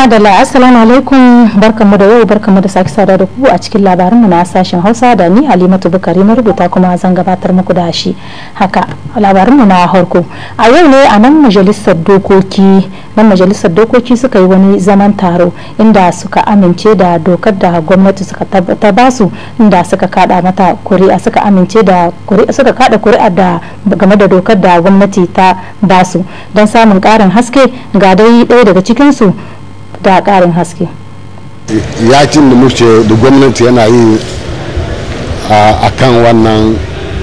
madalla assalamu alaikum barkamu da yau barkamu da sake sada da ku a cikin labarinmu na sashen hausa da ni halimatu bukari rubuta kuma zan gabatar muku da shi haka labarinmu na harko a yau ne a nan majalisar dokoki nan majalisar dokoki suka yi wani zaman taro inda suka amince da dokar da gwamnati suka ta su inda suka kada mata kuri'a suka amince da kuri'a suka kada kuri'a da game da dokar da gwamnati ta ba su don samun karin haske ga dai ɗaya daga cikin su da ƙarin haske yakin da muke da gwamnati yana yi a kan wannan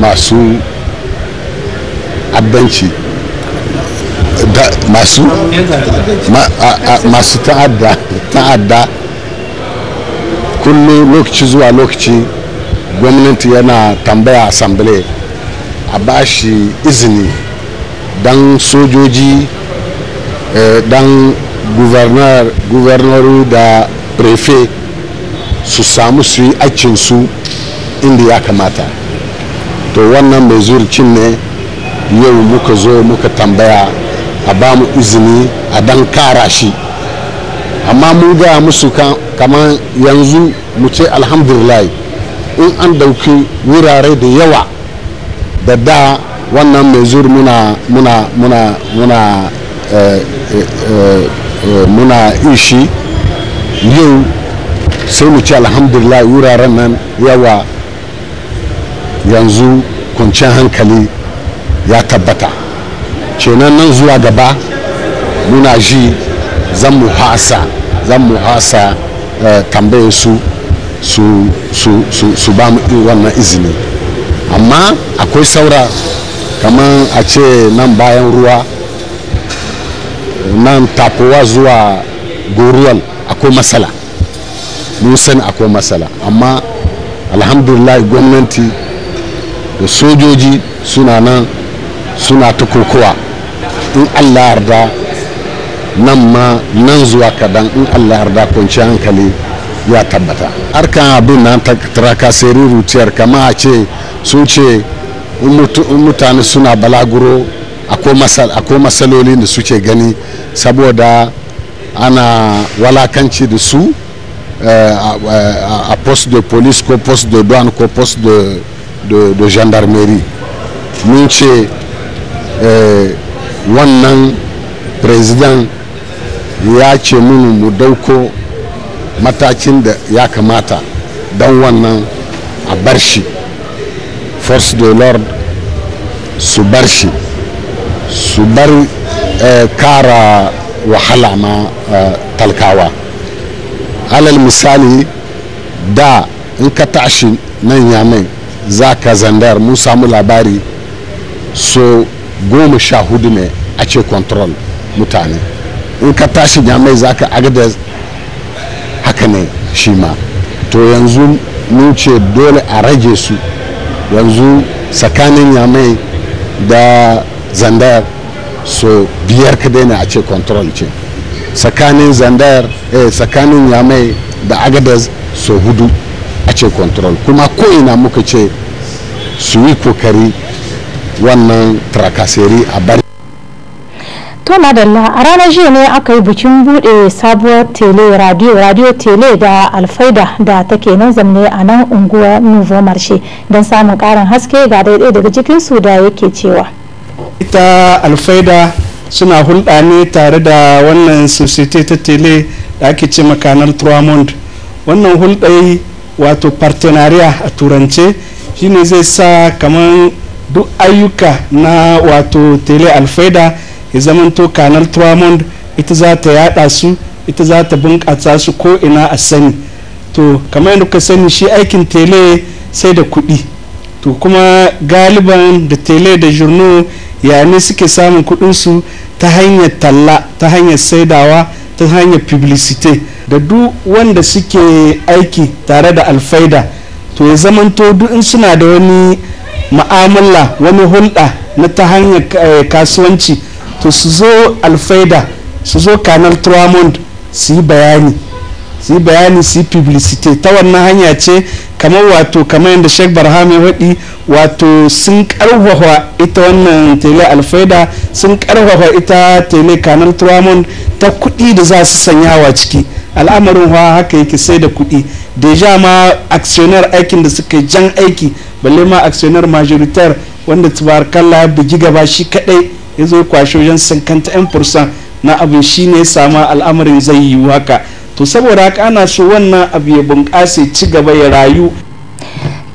masu addanci masu masu ta'adda kullum lokaci zuwa lokaci gwamnati yana tambaya asambile a ba shi izini don sojoji eh, don gouverneur gouverneur da prefe su samu su yi aikinsu inda ya kamata to wannan mai zurcin ne yau muka zo muka tambaya a ba mu izini a dan kara shi amma mun gaya musu kamar yanzu mu ce alhamdulillah in an dauki wurare da yawa da da wannan mai zur muna muna muna muna eh, eh, eh, muna ishi yau sai mu ci alhamdulillah wuraren nan yawa yanzu kuncin hankali ya tabbata kenan nan zuwa gaba muna ji zan mu hasa zan mu hasa eh, tambaye su su ba mu wannan izini amma akwai saura kamar a ce nan bayan ruwa nan tafowa zuwa goriyal akwai matsala mun akwai matsala amma alhamdulillah gwamnati da sojoji suna nan suna ta kurkuwa in allah yarda nan ma nan zuwa kadan in allah yarda kwanci hankali ya tabbata harkan abin nan ta trakaseri rutiyar kama a ce sun ce in mutane suna balaguro akwai matsaloli da suke gani saboda ana walakanci da su eh, a post de police ko post de douane ko post de gendarmerie mun ce eh, wannan president ya ce munu mu dauko matakin da ya kamata don wannan a bar shi force de l'ordre su bar shi su bar eh, kara wahala ma eh, talkawa alal misali da in ka tashi nan yamai za ka zandar mun samu labari so goma sha hudu ne a ce control mutane in ka tashi yamai za ka agada haka ne shi ma to yanzu mun ce dole a rage su yanzu tsakanin yamai da zandar so biyar ka daina a ce control ce tsakanin zandar eh tsakanin yamai da agadez so hudu a ce control kuma ko'ina muka ce su yi kokari wannan trakaseri a bari to madalla a ranar jiya ne aka yi bikin bude sabuwar tele radio radio tele da alfaida da take nan zamne a nan unguwar nouveau marché don samun karin haske ga daidai daga cikin su da yake cewa ita alfaida suna hulɗa ne tare da wannan societe ta tele da ake ce makanar tramond wannan hulɗai wato partenariya a turance shine zai sa kamar duk ayyuka na wato tele alfaida ya zamanto kanar tramond ita za ta yada su ita za ta bunƙasa su ko ina a sani to kamar yadda ka sani shi aikin tele sai da kuɗi to kuma galiban da tele da jurno yani suke samun kuɗinsu ta hanyar talla ta hanyar saidawa ta hanyar publicity da duk wanda suke aiki tare da alfaida to ya zamanto duk in suna da wani ma'amala wani hulɗa na ta hanyar eh, kasuwanci to su zo alfaida su zo canal tramond su yi bayani su yi bayani su yi publicity ta wannan hanya ce kamar wato kamar yadda sheik barham ya faɗi wato sun karfafa ita wannan tele alfaida sun karfafa ita tele Kanar Turamun ta kuɗi da za su sanyawa ciki al'amarin wa haka yake sai da kuɗi deja ma aksiyonar aikin da suka jan aiki balle ma aksiyonar majoritar wanda tubarkalla ya bugi gaba shi kaɗai ya zo kwashe wajen fursa na abin ne sama al'amarin zai yi haka to saboda haka ana so wannan abu ya bunƙasa ci gaba ya rayu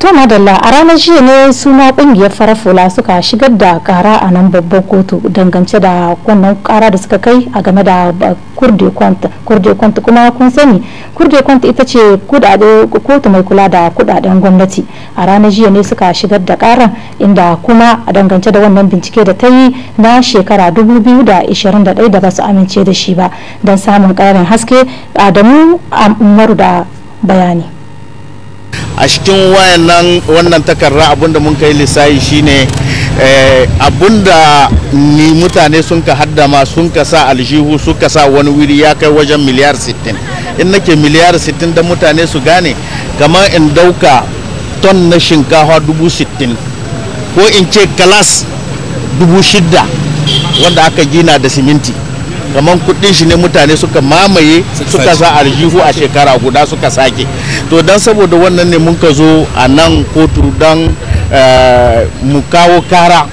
to madalla a ranar jiya ne suna kungiyar farafula suka shigar da kara a nan babban kotu dangance da wannan kara da suka kai a game da kurde kwanta kurde kuma kun sani kurde kwanta ita ce kudade kotu mai kula da kudaden gwamnati a ranar jiya ne suka shigar da kara inda kuma a dangance da wannan bincike da ta yi na shekara 2021 da ba su amince da shi ba don samun karin haske adamu umaru da bayani a cikin wayannan wannan takarda abinda mun kai lissafi shine eh, abinda ni mutane sun ka haddama sun ka sa aljihu ka sa wani wuri ya kai wajen miliyar 60 in nake miliyar 60 da mutane su gane kamar in dauka ton na shinkafa 60 ko in ce kalas 6,000 wanda aka gina da siminti kamar kudin shi ne mutane suka mamaye suka sa aljihu a shekara guda suka sake to don saboda wannan ne mun ka zo a nan kotu don eh, mu kawo kara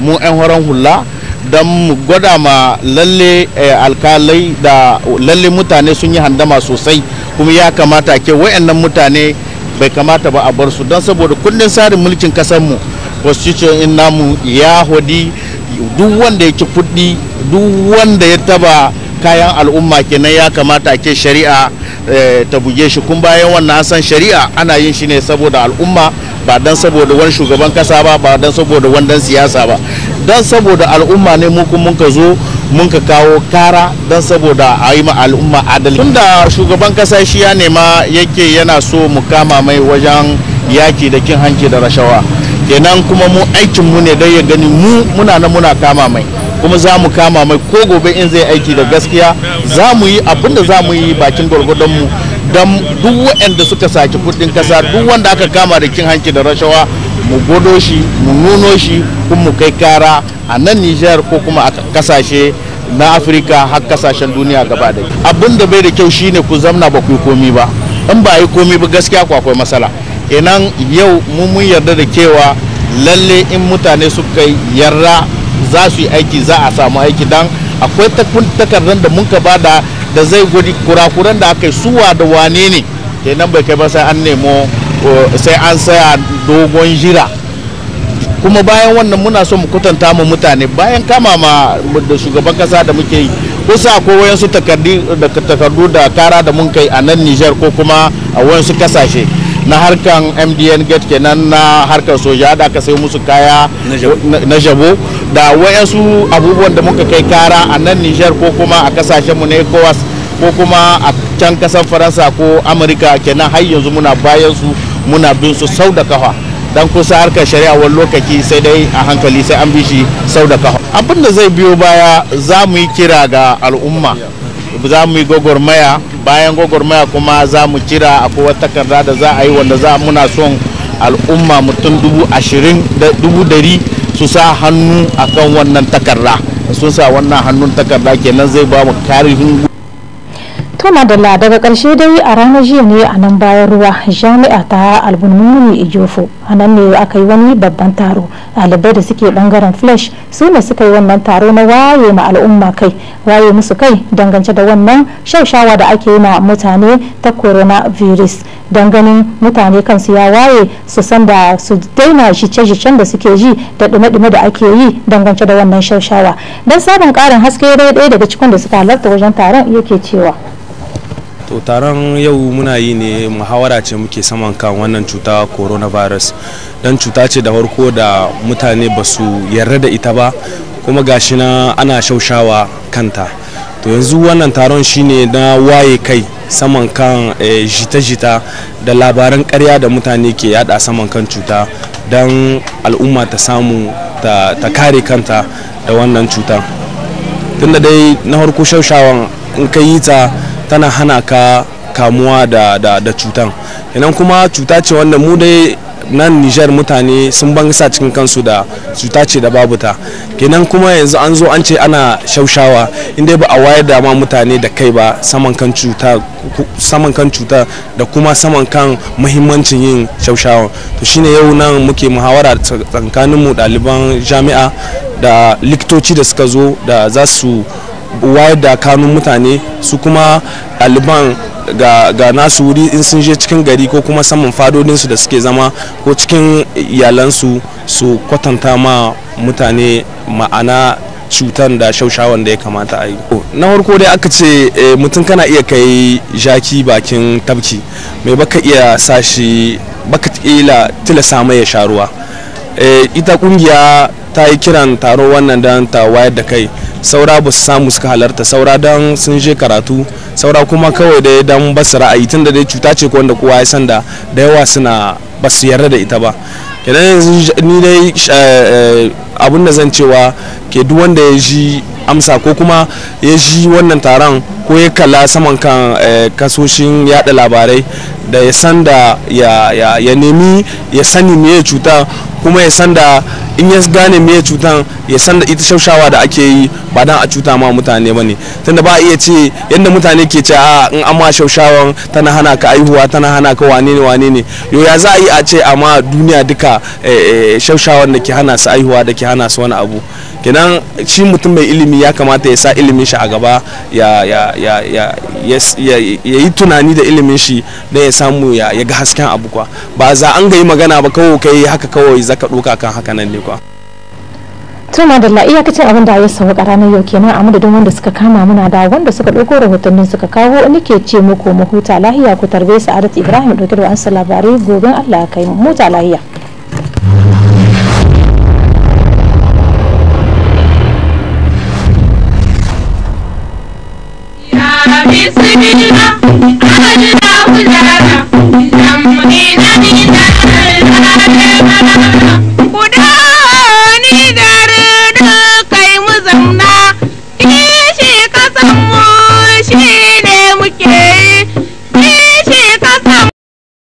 mu 'yan horon hula don mu gwada ma lalle eh, alkalai da lalle mutane sun yi handama sosai kuma ya kamata ke wayannan mutane bai kamata ba a bar su don saboda kundin tsarin mulkin kasarmu constitution in namu ya hodi duk wanda ya ci kuɗi duk wanda ya taba kayan al'umma kenan ya kamata ke shari'a eh, ta buge shi kun bayan wannan san shari'a ana yin shi ne saboda al'umma ba don saboda wani shugaban kasa ba ba don saboda wandan siyasa ba don saboda al'umma ne mu kun ka zo mun kawo kara don saboda a yi ma al'umma adalci tunda shugaban kasa shi ya nema yake yana so mu kama mai wajen yaki da kin hanci da rashawa kenan kuma mu aikin mu ne don ya gani mu muna na muna kama mai kuma za mu kama mai ko gobe in zai aiki da gaskiya za mu yi abin da za mu yi bakin gwargwadonmu don duk waɗanda suka saki kudin kasa duk wanda aka kama da cin hanci da rashawa mu godo shi mu nuno shi kuma mu kai kara a nan nijar ko kuma a kasashe na afirka har kasashen duniya gaba da abin da bai da kyau shine ku zamna ba ku yi komi ba in ba yi komi ba gaskiya ku akwai matsala kenan yau mun yarda da cewa lalle in mutane suka yarda za su yi aiki za a samu aiki dan akwai takardar da muka ka bada da zai gudi kurakuran da aka yi suwa da wane ne nan bai kai ba sai an nemo sai an saya dogon jira kuma bayan wannan muna so mu kutanta mu mutane bayan kama ma da shugaban kasa da muke yi kusa ko wayansu takardu da kara da mun kai a nan Nijar ko kuma a wayansu kasashe na harkan mdn gate kenan na harkar soja da aka sai musu kaya na jabo da wayansu abubuwan da muka kai kara a nan nijar ko kuma a kasashenmu na ecowas ko kuma a can kasan faransa ko amurka kenan har yanzu muna bayan su muna bin su sau da kafa dan kusa harkar shari'a wani lokaci sai dai a hankali sai an bi shi sau da kafa abin da zai biyo baya za mu yi kira ga al'umma za mu yi gwagwarmaya bayan gwagwarmaya kuma za mu cira akwai wata takarda da za a yi wanda za muna son al'umma mutum dubu ashirin da dubu dari su sa hannu akan wannan takarda sun sa wannan hannun takarda kenan zai ba mu karihin to la daga karshe dai a ranar jiya ne a nan bayan ruwa jami'a ta albunmuni ijofo a nan ne aka yi wani babban taro ɗalibai da suke bangaren flash su ne suka yi wannan taro na waye ma al'umma kai waye musu kai dangance da wannan shaushawa da ake yi ma mutane ta coronavirus don ganin mutane kansu ya waye su san da su daina shice-shicen da suke ji da dume-dume da ake yi dangance da wannan shaushawa don sabon karin haske ɗaya daga cikin da suka halarta wajen taron yake cewa to taron yau muna yi ne muhawara ce muke saman kan wannan cuta coronavirus don cuta ce da farko da mutane ba su yarda da ita ba kuma gashi na ana shaushawa kanta to yanzu wannan taron shine na waye kai saman kan eh, jita-jita da labaran karya da mutane ke yada saman kan cuta don al'umma ta samu ta kare kanta da wannan cuta tunda dai na harko shaushawan in ka yi ta tana hana ka kamuwa da, da, da cutan idan kuma cuta ce wanda mu dai nan nijar mutane sun sa cikin kansu da cuta ce da babu ta kenan kuma yanzu an zo an ce ana shaushawa inda ba a wayar da ma mutane da kai ba saman kan cuta da kuma saman kan muhimmancin yin shaushawa to shine yau nan muke muhawara tsakaninmu daliban jami'a da likitoci da suka zo da za su wayar da kanun mutane su kuma ɗaliban ga, nasu wuri in sun je cikin gari ko kuma saman fadodinsu da suke zama ko cikin iyalansu su kwatanta ma mutane ma'ana cutan da shaushawan da ya kamata a yi na farko dai aka ce eh, mutum kana iya kai jaki bakin tabki mai baka iya sashi baka tila tilasa mai ya sha ruwa eh, ita kungiya ta yi kiran taro wannan don ta wayar da kai saura ba su samu suka halarta saura don sun je karatu saura kuma kawai dai don basu ra'ayi tun da dai cuta ce wanda kowa ya san da da yawa suna ba su yarda da ita ba idan yanzu ni dai eh, eh, abin da zan cewa ke duk wanda ya ji amsa ko kuma ya ji wannan taron ko ya kalla saman kan eh, kasoshin yada labarai da ya san da ya nemi ya sani me cuta kuma ya san da in ya gane me cutan ya san da ita shaushawa da ake yi ba dan a cuta ma mutane ba ne tunda ba a iya ce yadda mutane ke ce a in amma shaushawan tana hana ka aihuwa tana hana ka wane ne wane ne yo ya za a yi a ce amma duniya duka eh, eh, shaushawan da ke hana su aihuwa da ke hana su wani abu kenan shi mutum mai ilimi ya kamata ya sa ilimin shi a gaba ya yi tunani da ilimin shi don ya samu ya ga hasken abu kwa ba za an ga yi magana ba kawai kai haka kawai zaka doka kan haka nan ne kwa to madalla iyakacin abin da ya sauka ranar yau kenan a madadin wanda suka kama muna da wanda suka ɗauko rahotannin suka kawo nake ce muku mu huta lahiya ku tarbe sa'adat ibrahim dauke da wasu labarai gobe allah kai mu huta lahiya I don't Ajina, ajina, ajina, ajina.